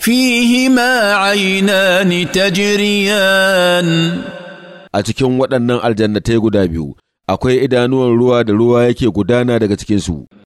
فيهما عينان تجريان a cikin waɗannan aljannatai guda biyu akwai idanuwan ruwa da ruwa yake gudana daga cikinsu